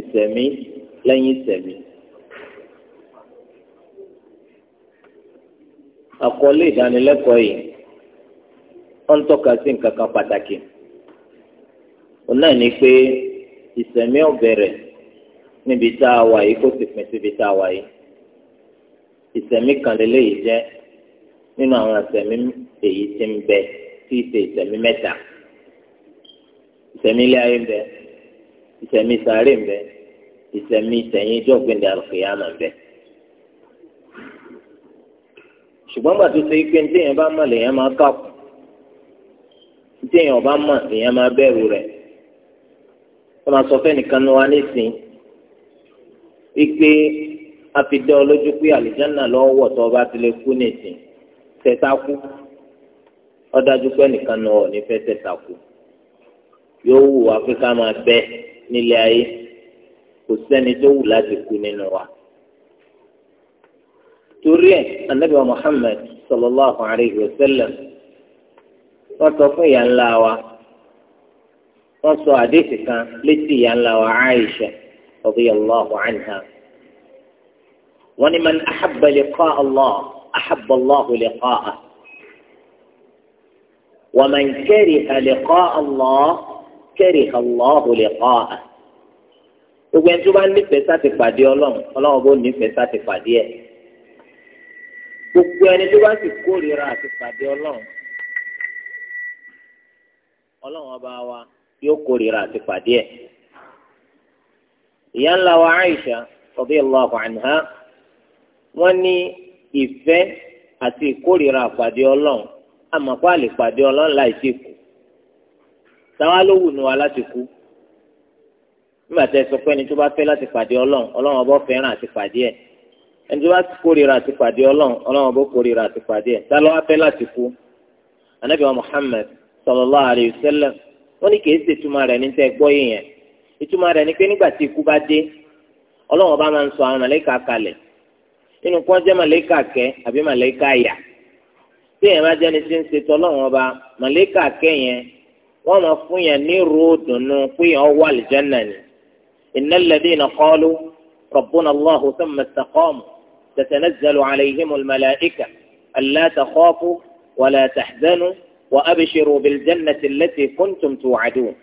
ìsẹ̀mí lẹ́yìn ìsẹ̀mí. àkọlé ìdánilẹ́kọ̀ọ́ yìí wọ́n ń tọ́ka sí nǹkan kan pàtàkì òun náà ni pé ìsẹ̀mí ó bẹ̀rẹ̀ níbi tá a wà yìí kó sì pín síbi tá a wà yìí ìsẹ̀mí kan lélẹ́yìí jẹ́ nínú àwọn ìsẹ̀mí èyí tí ń bẹ tí ìsẹ̀mí mẹ́ta ìsẹ̀mí ilé ayé ń bẹ ìsẹ̀mí sáré ń bẹ ìsẹ̀mí ìsẹ̀yìn ìjọ gbẹ̀ndẹ̀ àlùfẹ́yàmà ń bẹ. ṣùgbọ́n gbà tó ṣe pé ní téèyàn bá mọ̀ lèèyàn máa kàkùn ní téèyàn bá mọ̀ lèèyàn máa bẹ̀rù rẹ̀ wọ́n máa sọ fẹ́nìkan ní wa nísìn wípé a fi dá ọ lójú pé àlìjánà lọ́wọ́ wọ̀ tó o bá ti lè kú nísìn tẹ̀sà kú ó dájú pé ẹnìkan náà ò ní fẹ́ tẹ̀sà kú yóò wù wá pé ká máa bẹ nílé ayé kò sẹ́ni tó wù láti kú nínú wa. torí ẹ̀ anabi muhammed sallallahu alayhi wa sallam wọ́n sọ fún ìyá ńlá wa wọ́n sọ àdéhùn kan létí ìyá ńlá wa aisha radiyallahu anha wọ́n ní man ahabba liqa allah ahabba allah liqa'ah wa man kariha liqa allah kariha الله liqa'ah gbogbo ẹni tó bá nífẹ̀ẹ́ sáti pàdé ọlọ́run ọlọ́run bó nífẹ̀ẹ́ sáti pàdé ẹ̀ gbogbo ẹni tó bá sì kórìíra àti pàdé ọlọ́run ọlọ́run ọba wa yóò kórìíra àti pàdé ẹ̀ ìyá ńlá wa Aisha radiyallahu anha wọ́n ní ìfẹ́ àti ìkórìíra àpàdé ọlọ́run àmọ́ kó pàdé ọlọ́run láì sí kù táwa ló wù nù wa láti kú nígbà tẹ sọ pé ẹni tó bá fẹ́ láti pàdé ọlọ́run ọlọ́run ọbọ̀ fẹ́ràn àti pàdé ẹ̀ ẹni tó bá kórìíra àti pàdé ọlọ́run ọlọ́run ọbọ̀ kórìíra àti pàdé ẹ̀ tá ló wá fẹ́ láti kú anabi wa muhammed sallallahu alayhi wa sallam wọ́n ní kìí ṣe ìtumọ̀ rẹ̀ ní tẹ́ gbọ́ yìí yẹn ìtumọ̀ rẹ̀ ní pé nígbà tí ikú bá dé ọlọ́run ọba máa ń sọ àwọn màlẹ́kà kalẹ̀ nínú kọ́ jẹ́ màlẹ́kà kẹ́ àbí màlẹ́kà yà tí èèyàn bá jẹ́ni tí ń ṣe tọ́lọ́run ọba màlẹ́kà kẹ́ yẹn wọ́n máa fún yẹn ní ròdùnú pé yẹn wà lìjánà ni innal ladhina qalu rabbuna Allahu thumma istaqamu tatanazzalu alayhimul malaa'ika alla takhafu wala tahzanu wa abshiru bil jannati kuntum tu'adun.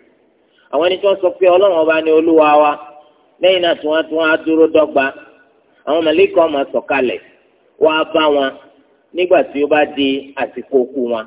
àwọn ẹni tí wọ́n sọ pé ọlọ́run ọba ni olúwa wa lẹ́yìn náà tí wọ́n tún á dúró dọ́gba àwọn màlàíkà máa sọ̀kalẹ̀ wá bá wọn nígbà tí ó bá di àsìkò kú wọn.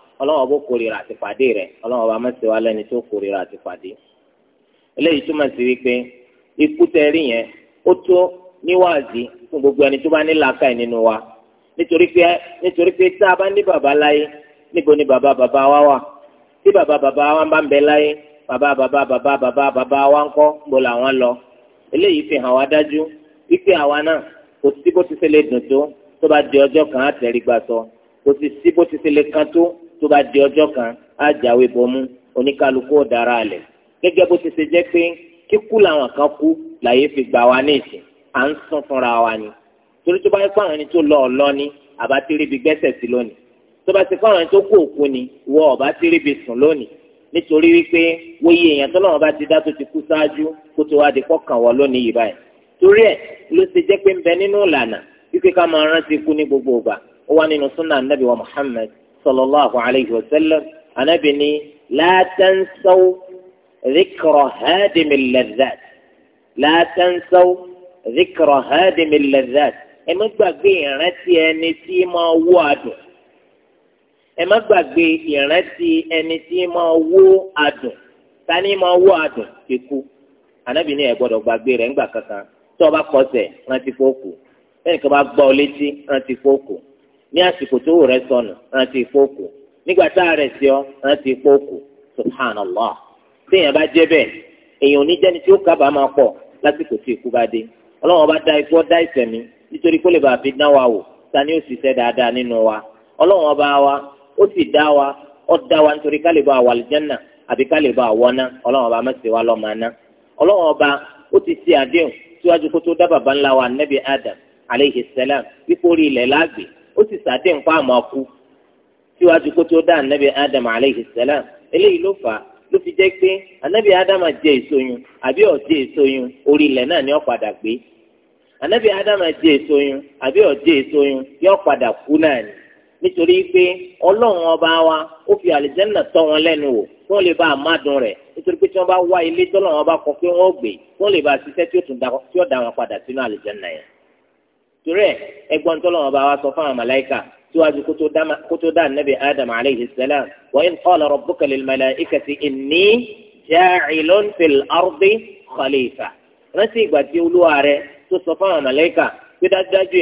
ọlọ́wọ́ bó kórìíra àti pàdé rẹ̀ ọlọ́wọ́ bá mẹ́sẹ̀ wá lẹ́ni tó kórìíra àti pàdé. eléyìí túmọ̀ sí wípé ikú tẹ̀rí yẹn ó tó níwáàzí fún gbogbo ẹni tó bá ní làákàyè nínú wa nítorí pé nítorí pé tá a bá ní bàbá láyé níbo ni bàbá bàbá wa wà tí bàbá bàbá wa bá ń bẹ láyé bàbá bàbá bàbá bàbá bàbá wa ń kọ́ gbọ́ làwọn lọ eléyìí fi hàn wá dájú wípé àwa náà kò sí bó ti ṣe lè dùn tó tó bá di ọjọ́ kan á tẹ̀rí gbà sọ kò sì sí bó ti ṣe lè kan tó tó bá di ọjọ́ kan á jáwé bọmú oníkálukú ọ̀dára alẹ̀ gẹ́gẹ́ bó ti ṣe jẹ́ pé kíkú làwọn kan kú láyé fi gbà wá ní ìsìn à ń sún fúnra wa ni torí tó bá yẹ fáwọn ẹni tó lọ ọ̀lọ́ ni àbá ti ríbi gbẹ́sẹ̀ sí lónìí tó bá ti fáwọn ẹni tó kú òkú ni wọ ọ̀bá ti ríbi sùn lónìí nítorí wípé wòye èèyàn tó lọ́wọ́ bá ti dá tó ti kú sáájú kó tó wá di kọ́kàn wọ lónìí yìí báyìí torí ẹ̀ ló ṣe jẹ́ pé ń bẹ nínú ìlànà wípé ká máa rántí ikú ní gbogbo ìgbà ó wá nínú súnà nàbì wa Muhammad sallallahu alayhi wa وسلم anabi ni لا tansaw dhikra هادم اللذات لا tansaw dhikra هادم اللذات ẹ má gbàgbé ìrántí ẹni tí máa wó adùn ẹ má gbàgbé ìrántí ẹni tí máa wó adùn tani máa wó adùn kíkú anabi ni ẹ gbọ́dọ̀ gbàgbé rẹ̀ ńgbà kankan tó o bá rántí fóòkù bẹ́ẹ̀ni kí o bá gbọ́ ọ létí rántí fóòkù ní àsìkò tó rẹ sọnù rántí ìpókù nígbà tá a rẹ sí ọ rántí ìpókù subhanallah téèyàn bá jẹ bẹ́ẹ̀ èèyàn oníjẹni tí ó kábàámọ̀ pọ̀ lásìkò tí ikú bá dé ọlọ́wọ́n bá dá ikú ọ̀dá ìsẹ̀mí nítorí kó lè bàa fi dán wa wò sani ó sì ṣe dáadáa nínú wa ọlọ́wọ́n bá wa ó sì dá wa ó dá wa nítorí ká lè bá wà àlùjánnà àbí ká lè bá wọ́ná ọlọ́wọ́n bá mẹ́sẹ̀ wa lọ́mọ aná ọlọ́wọ́n bá ó ti ṣe àdéhùn síwájú kó tó dá bàbá ńlá wa nẹ́bí Adam aleyhi salam ipò ilẹ̀ láàgbé ó sì sàdé nǹkan àmọ́ kú síwájú kó tó dá anabi adam aleyhi salam eléyìí ló fà á ló fi jẹ́ pé anabi adam jẹ èso yun àbí ọ̀jẹ̀ èso orí ilẹ̀ náà ni ó padà gbé anabi adam jẹ èso yun àbí ọ̀jẹ̀ èso yun yóò padà kú náà ni nítorí pé ọlọ́run ọba wa ó fi àlìjẹ́nà tọ́ wọn lẹ́nu wò kí wọ́n lè bá a má dùn rẹ̀ nítorí pé tí wọ́n bá wá ilé tọ́lọ́run ọba kọ pé wọ́n gbé kí wọ́n lè bá a ṣiṣẹ́ tí ó tún da wọn padà sínú àlìjẹ́nà yẹn torí ẹ ẹgbọn tó lọ́wọ́ bá wa sọ fún àwọn màláìka síwájú kó tó dá nàbì adam aleyhi salam wa in qala rabbuka lil malaikati inni ja'ilun fil ardi khalifa rántí ìgbà tí olúwa rẹ tó sọ fún àwọn màláìka pé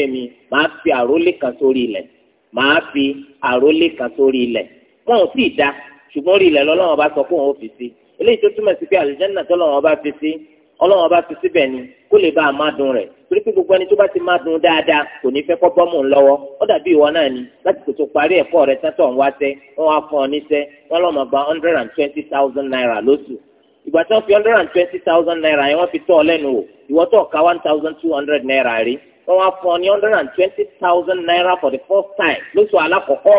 èmi màá fi àrólé kan sórí ilẹ̀ màá fi àrólé kan sórí ilẹ̀ wọn ò sì dá ṣùgbọ́n orí ilẹ̀ lọ́lọ́wọ́ bá sọ fún òun fi sí eléyìí tó túmọ̀ sí pé àlùjánnà tó lọ́wọ́ bá fi sí ọlọ́run ọba fi síbẹ̀ ni kó lè bá a má dùn rẹ̀ torí pé gbogbo ẹni tó bá ti má dùn dáadáa kò ní fẹ́ kọ́ bọ́mù lọ́wọ́ ó dàbí ìwọ náà ni láti kòtò parí ẹ̀kọ́ rẹ̀ sẹ́tọ̀ ń wáṣẹ́ wọ́n wá fún ọ níṣẹ́ wọ́n lọ́mọ gba hundred and twenty thousand naira lóṣù ìgbà tí wọ́n fi hundred and twenty thousand naira yẹn wọ́n fi tọ́ ọ lẹ́nu wò ìwọ tó ka one thousand two hundred naira rí wọ́n wá fún ọ ní hundred and twenty naira for the first time lóṣù alákọ̀ọ́kọ́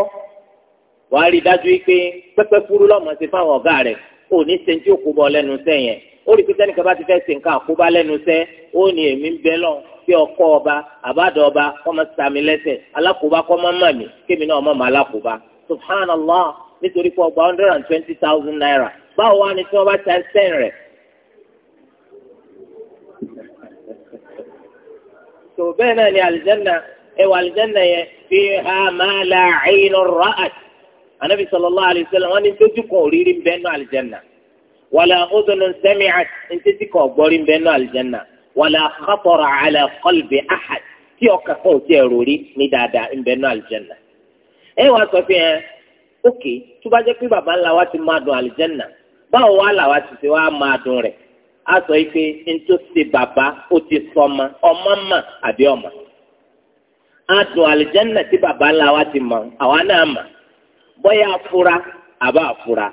wàá rí i dájú pé pẹ́pẹ́ fúrú lọ́mọ ti fáwọn ọ̀gá rẹ̀ òní ṣe tí ó ó rí pété nìkan bá ti fẹ́ ṣe nǹkan àkóbá lẹ́nu iṣẹ́ ó ní èmi ń bẹ lọ́n kí ọkọ ọba àbádọ ọba kọ́ máa sa mi lẹ́sẹ̀ alákòóbá kọ́ máa mà mí kémi náà mọ̀ mọ́ alákòóbá subhanallah nítorí pé ọgbà hundred and twenty thousand naira báwo wá ni tí wọ́n bá ta ẹsẹ̀ rẹ̀ tó bẹ́ẹ̀ náà ni alìjẹ́nà ẹwà alìjẹ́nà yẹn fi ha máa la ẹyin ra'at anabi sallallahu alayhi wa sallam dójú kan òrírí bẹ́ẹ̀ náà alìjẹ́nà wàlà ọdún sẹmi àti títí kan gbọrí ń bẹ náà àlùjánnà wàlà khatara ala qalbi ahad tí ọkà kan ò tí ẹ rori ní dáadáa ń bẹ náà àlùjánnà. ẹ wàá sọ fún yẹn ókè tó bá jẹ́ pé bàbá ńlá wa ti máa dùn àlùjánnà báwo wá làwa ti ṣe wá máa dùn rẹ̀ á sọ yìí pé ntòsí bàbá ó ti sọmọ ọmọ mà àbí ọmọ adùn àlùjánnà tí bàbá ńlá wa ti mọ àwa náà mà bóyá afura àbá afura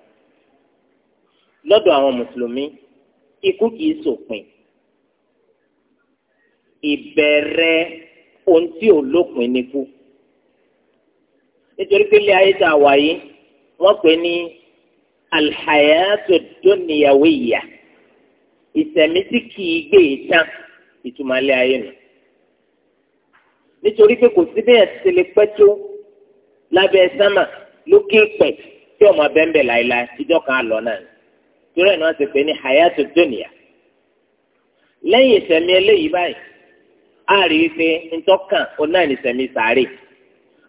lọ́dọ̀ àwọn mùsùlùmí ikú kìí sòpin ìbẹ̀rẹ̀ ohun tí ò lópin nikú nítorí pé ilé ayé tá a wà yìí wọ́n pè ní alhayatu dunyawiyya ìsẹ̀mí tí kìí gbé e tán ìtumọ̀ ilé ayé nù nítorí pé kò sí bẹ́ẹ̀ tẹ̀lé pẹ́tó lábẹ́ sámà lókè pẹ̀ tí ọmọ bẹ́ẹ̀ bẹ̀ láìláì ìjọ kan àlọ́ náà torí ẹ̀ ni wọ́n ti pè ní hayatu dunya lẹ́yìn ìsẹ̀mí eléyìí báyìí a rí i pé ntọ́kàn ọ̀nà ìsẹ̀mí sàárè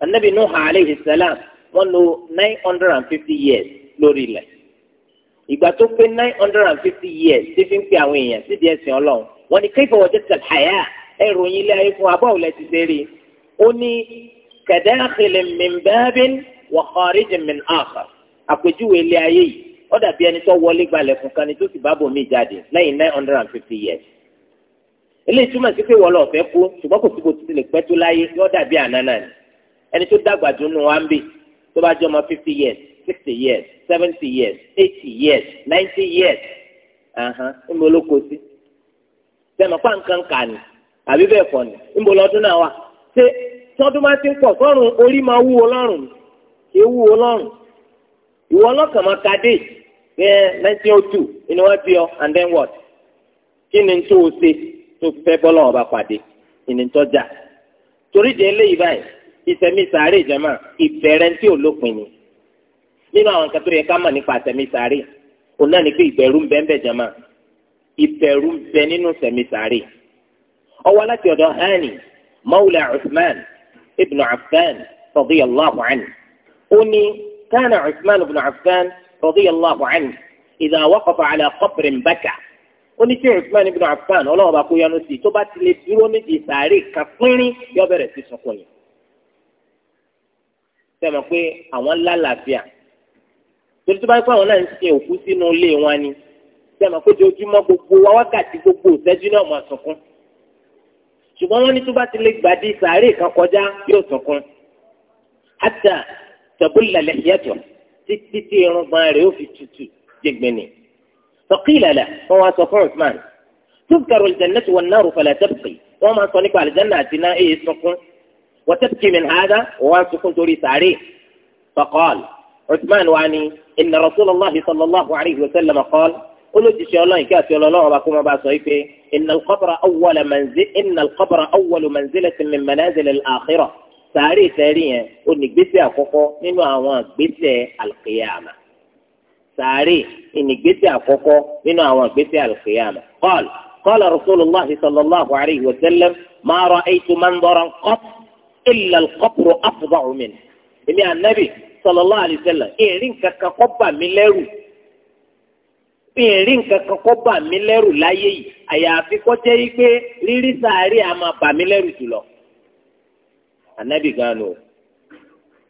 anabi nuhu alayhi salam wọ́n lò nine hundred and fifty years lórí ilẹ̀ ìgbà tó pé nine hundred and fifty years ti fi ń pe àwọn èèyàn sídìí ẹ̀sìn ọlọ́run wọ́n ní kéèkì ọwọ́ jẹ́tẹ̀ àyà ẹ̀rọ yín lé ayé fún wa báwo lẹ ti ṣe rí i ó ní kadakhilin min babin wa kharijin min akhar àpèjúwe ilé ayé yìí ọ dàbí ẹni tó wọlé gbalẹ̀ fún kan ni tó sì bá bòmí jáde lẹ́yìn nine hundred and fifty years eléyìí túmọ̀ sí pé kú ṣùgbọ́n kò síbo ti lè pẹ́ tó láyé yọ dàbí ànánà ni ẹni tó dàgbà dunu wa ń bì tó bá years sixty years seventy years eighty years ninety years ńbọ ló sí sẹ́mi pa nǹkan kà ní ní nineteen oh two ni wọ́n bí ọ and then what kí ni tó o ṣe tó fẹ́ bọ́lọ̀ ọba pàdé ìní tọ́jà torí di eléyìí báyìí ìsẹ̀mí sàárè ìjọba ìbẹ̀rẹ̀ tí ò lópin ni nínú àwọn nǹkan tó yẹ ká mọ̀ nípa ìsẹ̀mí sàárè òun náà ní pé ìbẹ̀rù ń bẹ ń bẹ jọba ìbẹ̀rù ń bẹ nínú ìsẹ̀mí sàárè ó láti ọ̀dọ̀ hani Maula usman ibn affan radiyallahu anhu ó ní kánà usman ibn affan رضي الله عنه إذا وقف على قبر ó ní tí بن ibn Affan ọlọ́wọ́ ينسي kó yanu sí tó bá ti lè dúró méjì sàárè kan pínrín yọ bẹ̀rẹ̀ sí sunkún ni. sẹ́mi pé àwọn lálàáfíà torí tó bá yẹ kó àwọn náà ń sin òkú sínú ilé wọn ni sẹ́mi pé ojoojúmọ́ gbogbo wa wákàtí gbogbo ìṣẹ́jú náà máa sunkún. ṣùgbọ́n wọ́n ní tó bá ti lè gbàdí sàárè kan kọjá yóò sunkún. hatta tabulla lihyatuhu títí tí irùngbọ̀n rẹ̀ ó fi tutù jẹgbẹni. فقيل له هو سوف عثمان تذكر الجنة والنار فلا تبقي وما صنف على الجنة تنائي السكون وتبكي من هذا وان سكون تريد عليه فقال عثمان واني إن رسول الله صلى الله عليه وسلم قال قل إن شاء الله كاس يلا الله بكم بأسويفه إن القبر أول منزل إن القبر أول منزلة من منازل الآخرة sàárè tẹ́rì yẹn ó ní gbèsè àkọ́kọ́ nínú àwọn gbèsè alqiyama sàárè ní gbèsè àkọ́kọ́ nínú àwọn gbèsè alqiyama qala qala rasulillah sallallahu alayhi wa sallam ma ra'aytu manzaran qat illa alqabru afda'u min èmi ànábì sallallahu alayhi wa sallam èrí nkankan kọ́ bà mí lẹ́rù èrí nkankan kọ́ bà mí lẹ́rù láyé yìí àyàfi kó jẹ́ yìí rírí sàárè á bà mí lẹ́rù jùlọ ànábì gan ni o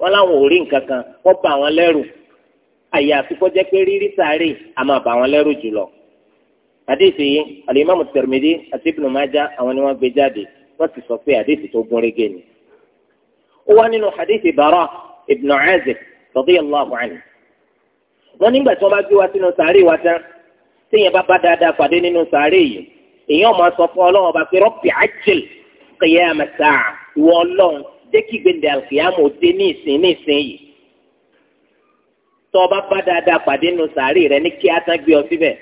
wọn láwọn ò rí nǹkan kan wọn bá wọn lẹ́rù àyàfi kó jẹ́ pé rírí sáré a máa bá wọn lẹ́rù jùlọ àdéhìsì yìí alimami Tirmidhi àti Ibn Majah àwọn ni wọn gbé jáde wọn ti sọ pé àdéhìsì tó gún régé ni ó wá nínú àdéhìsì Bara ibn Azib radiyallahu anhu wọn nígbà tí wọn bá gbé wá sínú sáré wa tán téèyàn bá bá dáadáa pàdé nínú sáré yìí èèyàn máa sọ fún Ọlọ́run bá pé Rabbi ajil qiyamata wọ ọlọ́run jẹ́ ndị gbèndé àlùkìyàmù dé ní ìsìn ní ìsìn yìí tọ́ ọba bá dáadáa pàdé nù sàárì rẹ ní kí tán gbé ọ síbẹ̀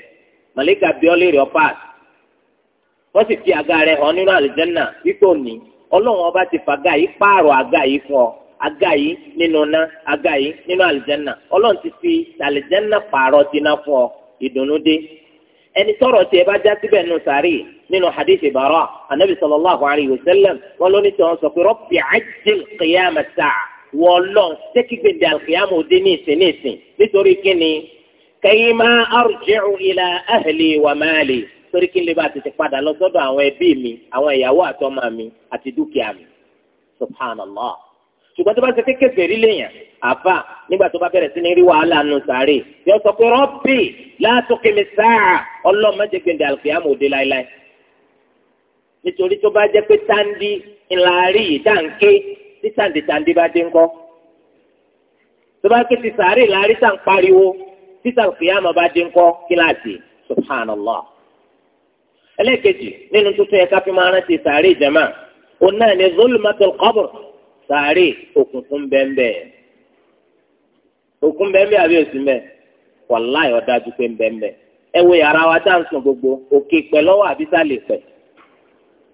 màlíkà bí ọ wọ́n sì fi àga rẹ hàn nínú àlùjẹ́nà wípé òní ọlọ́run ọba ti yìí pààrọ̀ àga yìí fún ọ àga yìí nínú ná àga yìí nínú àlùjẹ́nà ọlọ́run ti fi àlùjẹ́nà pààrọ̀ ẹni tọrọ tiẹ̀ bá já síbẹ̀ nù sàárì nínú hadith bara anabi sallallahu alayhi wa sallam wọn lóní tí wọn sọ pé rọpì ajil qiyama sáà wọlọ sẹkìgbèdè alqiyama òde ní ìsìn ní ìsìn nítorí kíni kayima arji'u ila ahli wa mali torí kí n lè bá tètè padà lọ sọ́dọ̀ àwọn ẹbí mi àwọn ìyàwó àtọmọ mi àti dúkìá mi subhanallah ṣùgbọ́n tó bá ṣe kékeré rí lèèyàn àfà nígbà tó bá bẹ̀rẹ̀ sí ní rí wàhálà nù sàárè yọ sọ pé rọ́bì látòkèmí sáà ọlọ́mọdé gbèndé àlùfíàmù òde láéláé nítorí tó bá jẹ́ pé táǹdì ńlá rí yìí dáǹké tí táǹdì táǹdì bá dé ńkọ́ tó bá ké ti sàárè láàrí tàn pariwo tí àlùfíàmù bá dé ńkọ́ kíláàsì subhanallah ẹlẹ́ẹ̀kejì nínú tuntun yẹ ká fi máa rántí sàárè jẹ́mà òun náà sàárè òkùnkùn bẹ́ẹ̀nbẹ́ òkùn bẹ́ẹ̀nbẹ́ àbí òsì mẹ́ wàláì ọ̀dájú pé bẹ́ẹ̀nbẹ́ ẹ wo yàrá wa tá à ń sùn gbogbo òkè pẹ́ lọ́wọ́ àbí sàlẹ̀ pẹ́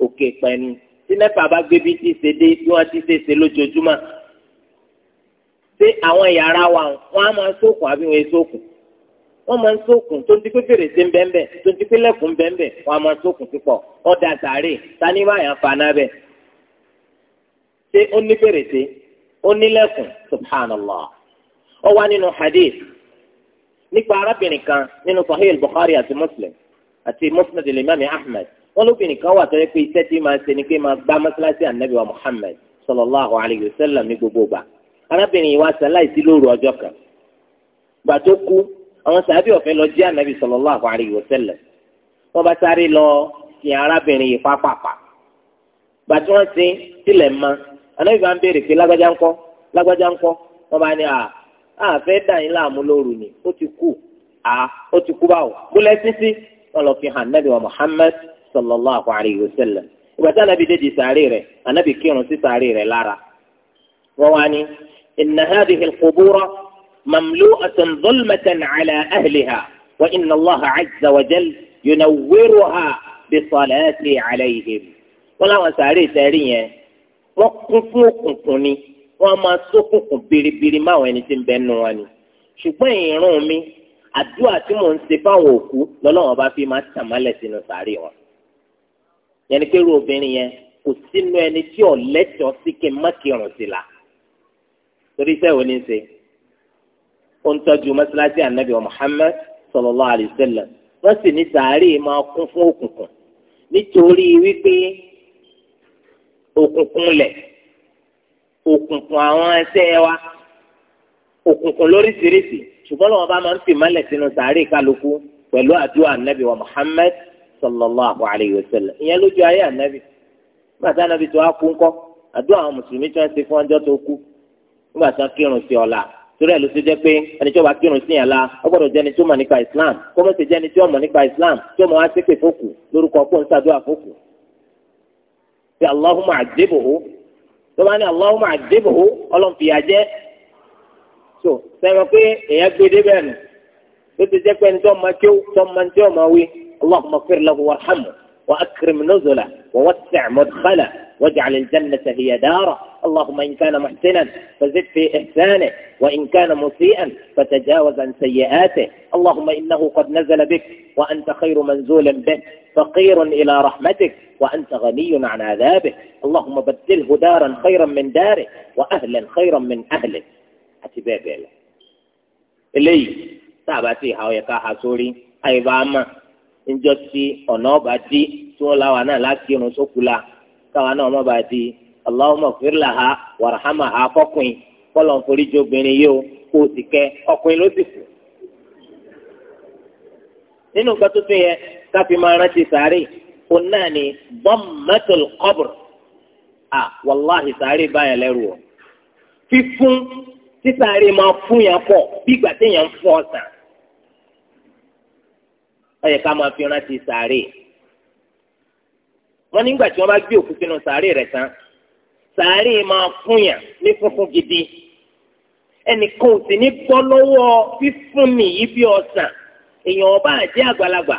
òkè pẹ́ ni tí nẹ́pà bá gbé bí tí ṣe dé bí wọ́n ti ṣe ṣe lójoojúmọ́ ṣé àwọn yàrá wa wọn á máa sókun àbí wọn sókun wọn máa ń sókun tó ń di pé fèrèsé ń bẹ́ẹ̀ tó ń di pé lẹ́kùn ń bẹ́ẹ̀ bẹ́ẹ̀ á máa sókun púpọ̀ ọ̀dà sàárè tani báyà ń fa náà bẹ́ẹ̀ ṣé ó ní fèrèsé ó ní lẹ́kùn subhanallah ó wá nínú hadith nípa arábìnrin kan nínú sahih bukhari àti muslim àti musnad al-imam ahmed wọn lóbìnrin kan wà tó yẹ pé iṣẹ́ tí máa ṣe ni pé máa gbá mọ́ṣáláṣí ànábì wa muhammad sallallahu alayhi wa sallam ní gbogbo gbà arábìnrin yìí wá ṣaláìsí lóru ọjọ́ kan gbà tó kú àwọn sàbí ọ̀fẹ́ lọ jí ànábì sallallahu alayhi wa sallam wọn bá sáré lọ kí arábìnrin yìí pápápá gbà tí wọ́n ṣe tilẹ̀ mọ́ anabi bá ń béèrè pé lágbájá ńkọ́ lágbájá ńkọ́ wọn bá ní à á fẹ́ dà yín láàmú lóru ni ó ti kú à ó ti kú báwo múlẹ̀ sísí wọn lọ fi hàn nàbì wa muhammad sallallahu alayhi wa sallam ìgbà tí anabi dé sàárè rẹ̀ anabi kírun sí sàárè rẹ̀ lára wọn wá ní inna hadhihi alqubura mamlu'atan dhulmatan ala ahliha wa inna allaha azza wa jal yunawwiruha bisalati alayhim wọn làwọn sàárè sàárè yẹn wọ́n kún fún òkùnkùn ni wọ́n á máa sókùnkùn biribiri máwọn ẹni tí ń bẹ nù wọn ni ṣùgbọ́n ìrun mi àdúrà tí mò ń ṣe fáwọn òkú lọ́lọ́wọ́n bá fi máa tàmálẹ̀ sínú sàárè wọn. yẹn ni obìnrin yẹn kò sínú ẹni tí ò sí kí n má kírun sí la torí iṣẹ́ wo ni ń ṣe ó ń tọ́jú mọ́ṣáláṣí ànábì Muhammad sallallahu alaihi wasallam wọ́n sì ní sàárè máa kún fún òkùnkùn nítorí wípé òkùnkùn lẹ̀ òkùnkùn àwọn ẹsẹ̀ wa òkùnkùn lóríṣiríṣi ṣùgbọ́n lọ́wọ́ bá máa ń fi mọ́lẹ̀ sínú sàárè kálukú pẹ̀lú àdúrà nàbì wa Muhammad sallallahu alayhi wa sallam ìyẹn lójú ayé ànábì nígbà tí ànábì tó wá kú ńkọ́ àdúrà àwọn mùsùlùmí tí wọ́n ti fún ọjọ́ tó kú nígbà tí wọ́n kírun sí ọ̀la torí ẹ̀ ló ṣe jẹ́ pé ẹni tí wọ́n bá kírun sí yẹn ó gbọ́dọ̀ jẹ́ni tí ó mọ̀ nípa Islam kó mọ̀ sí jẹ́ni tí ó mọ̀ nípa Islam tí ó mọ̀ wá ṣépè fókù lórúkọ pọ̀ ṣàdúrà fókù bí aláhùnmá àdébòho tó bá ní aláhùnmá àdébòho ọlọ́nfìyà jẹ́ so sẹ́wọ̀n pé èèyàn gbé débẹ̀ nù tó ti jẹ́ pé ẹni tó ọmọ tí ó tó ọmọ tí wí aláhùnmá fẹ́rẹ̀ lọ́wọ́ wàhámù. وأكرم نزله ووسع مدخله واجعل الجنة هي داره اللهم إن كان محسنا فزد في إحسانه وإن كان مسيئا فتجاوز عن سيئاته اللهم إنه قد نزل بك وأنت خير منزول به فقير إلى رحمتك وأنت غني عن عذابه اللهم بدله دارا خيرا من داره وأهلا خيرا من أهله أتبابي له إليه تابعتي هاو يكاها سوري أي باما níjọ́ tí ọ̀nà ọba dí tí wọ́n láwa náà láti irun sókù la káwa náà ọmọ bá di Allahumma ighfir laha warhamha fọkùnrin kọ́lọ̀ ń forí obìnrin yìí o kó o sì kẹ́ ọkùnrin ló sì kù. nínú nǹkan tó yẹ káfí máa rántí sàárè kò náà ni dammatul qabr à wàláhì sàárè báyẹn lẹ́rù o fífún tí máa fún yẹn bí fọ́ ó yẹ ká máa fi rántí sàárè wọn nígbà tí wọn bá gbé òkú sínú sàárè rẹ̀ tán sàárè máa fúnyàn ní funfun gidi ẹnìkan ò sì ní bọ́ lọ́wọ́ fífúnni yìí bí ọ̀sán èèyàn ọba àjẹ́ àgbàlagbà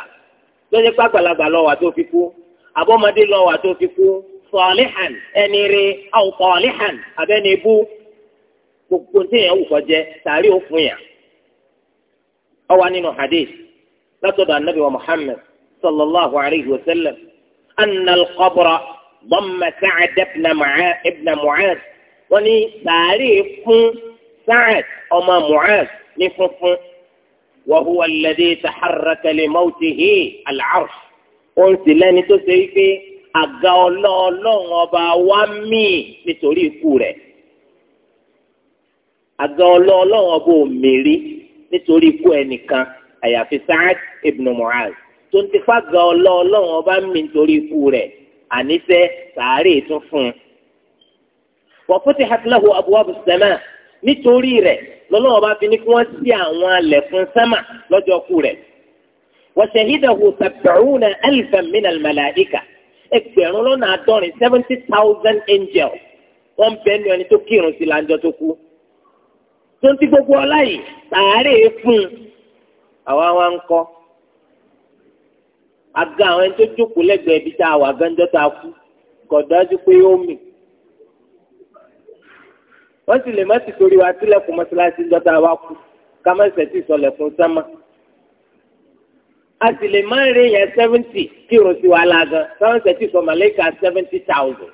lọ́jọ́ pé àgbàlagbà lọ wà tó fi kú àbọ̀mọdé lọ wà tó fi kú sọ̀ọ́líhàn ẹni rí àwòkọ̀ọ́líhàn abẹ́ni bú gbogbo tí èèyàn wù kọjẹ́ sàárè ó fún yàn. ó wà nínú hadith látọ̀dọ̀ anabi wa muhammed sallallahu alayhi wa sallam anna al-qabra dhamma sa'ad ibn mu'az wọ́n ní sàárè fún sa'ad ọmọ mu'az ní funfun wa huwa alladhi taharraka li mawtihi al-arsh ó ń sì lẹ́ni tó ṣe wípé àga ọlọ́ọ̀lọ́run ọba wa míì nítorí ikú rẹ̀ àga ọlọ́ọ̀lọ́run ọba ò mèrí nítorí ikú ẹnìkan àyàfi Sa'ad ibn Mu'az tó ń tipa ga ọlọ́ ọlọ́run ọba mi nítorí ikú rẹ̀ àníṣe sàárè tún fún un. wa futihat lahu abwabu as-sama' nítorí rẹ̀ lọ́lọ́run ọba fi ní kí wọ́n ṣí àwọn alẹ̀kùn sẹ́mà lọ́jọ́ kú rẹ̀. wa shahidahu sab'una alfan min al-mala'ika ẹgbẹ̀rún lọ́nà àádọ́rin seventy thousand angels wọ́n bẹ́ẹ̀ ní ẹni tó kírun sí láńjọ́ tó kú. tó ń ti gbogbo ọlá yìí sàárè fún un àwa wa ń kọ́ aga àwọn ẹni tó jókòó lẹ́gbẹ̀ẹ́ ibi tá a wà gánjọ́ tá a kú kò dájú pé yóò mì wọ́n sì lè má ti torí wa sílẹ̀kùn mọ́ṣáláṣí ńjọ́ tá kú ká má ṣe tí ìsọlẹ̀kùn sámà a sì lè má rí yẹn seventy kí irun sí wa lágan ká má ṣe tí ìsọmọlẹ́kà seventy thousand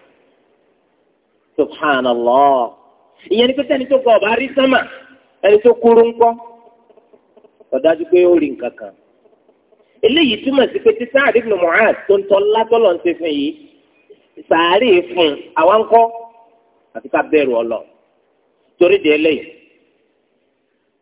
subhanallah ìyẹn ni pé sẹ́ni tó kọ ọ̀bá rí sámà ẹni tó kúrú ńkọ́ kọ̀dájú pé ó rí nǹkan kan eléyìí túmọ̀ sí pé títí Sa'd ibn Mu'adh tó ń tọ́ látọ́lọ́ ń ṣe fún yìí sàárè fún àwa ń kọ́ àti ká bẹ̀rù ọlọ torí di eléyìí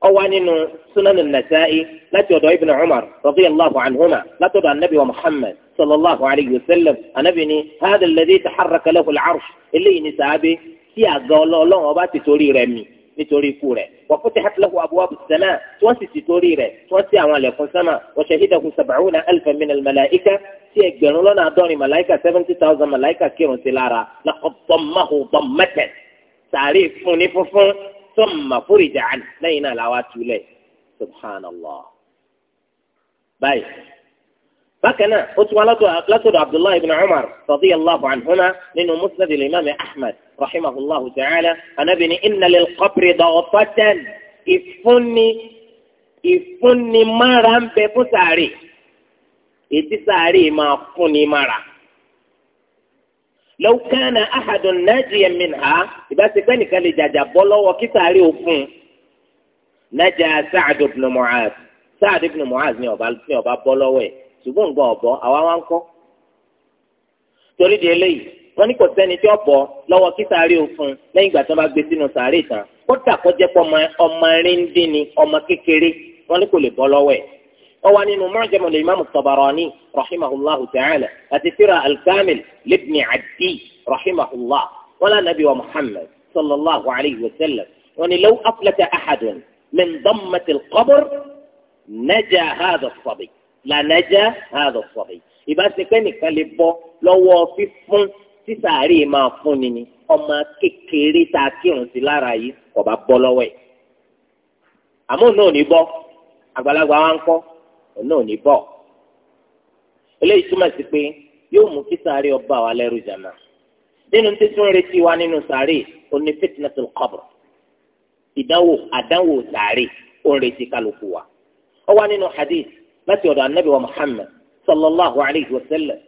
ó wà nínú sunanu nasa'i láti ọ̀dọ̀ ibn umar radiyallahu anhuma láti ọ̀dọ̀ anabi wa muhammad sallallahu alayhi wa sallam anabi ni hadha alladhi taharraka lahu al-arsh eléyìí ni sàábé tí àga ọlọ́ọ̀lọ́wọ́ bá ti torí rẹ̀ mi nítorí ikú rẹ̀ wa futihat lahu abwabu as-sama' tí wọ́n sì ti torí rẹ̀ tí wọ́n sì àwọn àlẹ̀kùn sánmà wa shahidahu sab'una alfan min al-mala'ika tí ẹgbẹ̀rún lọ́nà àádọ́rin màláìka seventy thousand màláìka kírun sí lára laqad dammahu dammatan sàárè funfun thumma furija anhu lẹ́yìn náà làwọn àtúlẹ̀ subhanallah báyìí بكنا أتوى لتد عبد الله بن عمر رضي الله عنهما من مسند الإمام أحمد رحمه الله تعالى أنا بني إن للقبر ضغطة إفني إفني مرا بفساري إتساري ما فني مرا لو كان أحد ناجيا منها إذا سكني كان لجاجبولو وكساري وفن نجا سعد بن معاذ سعد بن معاذ ni ọba ni ọba bọ́ lọ́wọ́ ẹ̀ ṣùgbọ́n nǹkan ọ̀bọ àwa wá ń kọ́ torí di eléyìí wọ́n ní kò sẹ́ni tí ọ̀bọ lọ́wọ́ kí sáré òfun lẹ́yìn ìgbà tí wọ́n bá gbé sínú sáré tán kódà kó jẹ́ pọ́ ọmọ rin dín ni ọmọ kékeré wọ́n ní kò lè bọ́ lọ́wọ́ ẹ̀ ọwọ́ nínú mọ́jẹ́mu lè imáàmù Tabarani rahimahullahu ta'ala àti tírà alkamil libni abdi rahimahullah wọn lá nàbí wa Muhammad sallallahu alayhi wa sallam wọn ni law aflata ahadun min dammatil qabr naja hadha as lànàjà àdọ̀sọ̀rì ìbáṣepẹ́ nìkan lè bọ́ lọ́wọ́ fífún sísàárì máa fún ni ni ọmọ kékeré tá a kírun sí lára yìí kò bá bọ́ lọ́wọ́ ẹ̀ àmọ́ òun náà ní bọ́ àgbàlagbà wa ń kọ́ òun náà ní bọ́ eléyìí túmọ̀ sí pé yóò mú kí sàárè ọba wa lẹ́rù jàmá nínú títún retí wa nínú sàárè oní fitnatul qabr ìdánwò àdánwò sàárè ó retí kálukú wa ó wà nínú hadith láti ọ̀dọ̀ anabi wa muhammad sallallahu alayhi wa sallam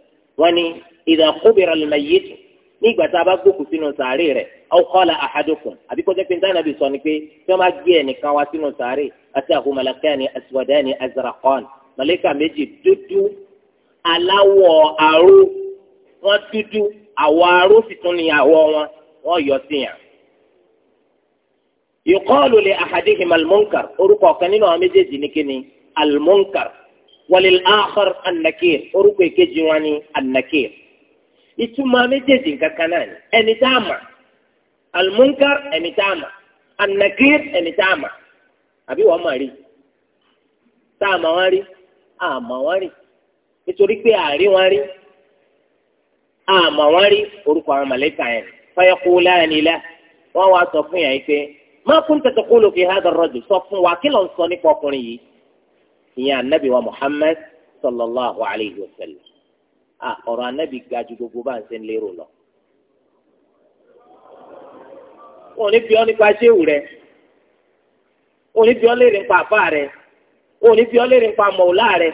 wọ́n ní idha qubira al-mayyit nígbà tá a bá gbókùn sínú sàárè rẹ̀ aw qala ahadukum àbí kó jẹ́ pé nítorí anabi sọ ni pé tí wọ́n bá gbé ẹnìkan wá sínú sàárè atahu malakani aswadani azraqan màlẹ́kà méjì dúdú aláwọ̀ aró wọ́n dúdú àwọ̀ aró sì tún ní àwọ̀ wọn wọ́n yọ sí yàn yuqalu li ahadihim al orúkọ ọ̀kan nínú àwọn méjèèjì ní kíni al walil akhar an-nakir orúkọ èkejì wọn ni an-nakir ìtumọ̀ méjèèjì kankan náà ni ẹni tá a mà al-munkar ẹni tá a mà an-nakir ẹni tá a mà àbí wọ́n mà rí tá a mà wọ́n rí a mà wọ́n rí nítorí pé àárín wọn wá sọ fún yàrá yìí pé ma kunta taqulu fi hadha ar-rajul sọ fún wa kí ló ń sọ nípa ọkùnrin yìí. ìyẹn anabi wa muhammed sallallahu alayhi wa sallam a ọ̀rọ̀ anabi ga ju gbogbo bá ń lọ. ọ nípa ṣéwù rẹ wọn léèrè nípa àbá rẹ wọn ní léèrè nípa mọ̀ọ́lá rẹ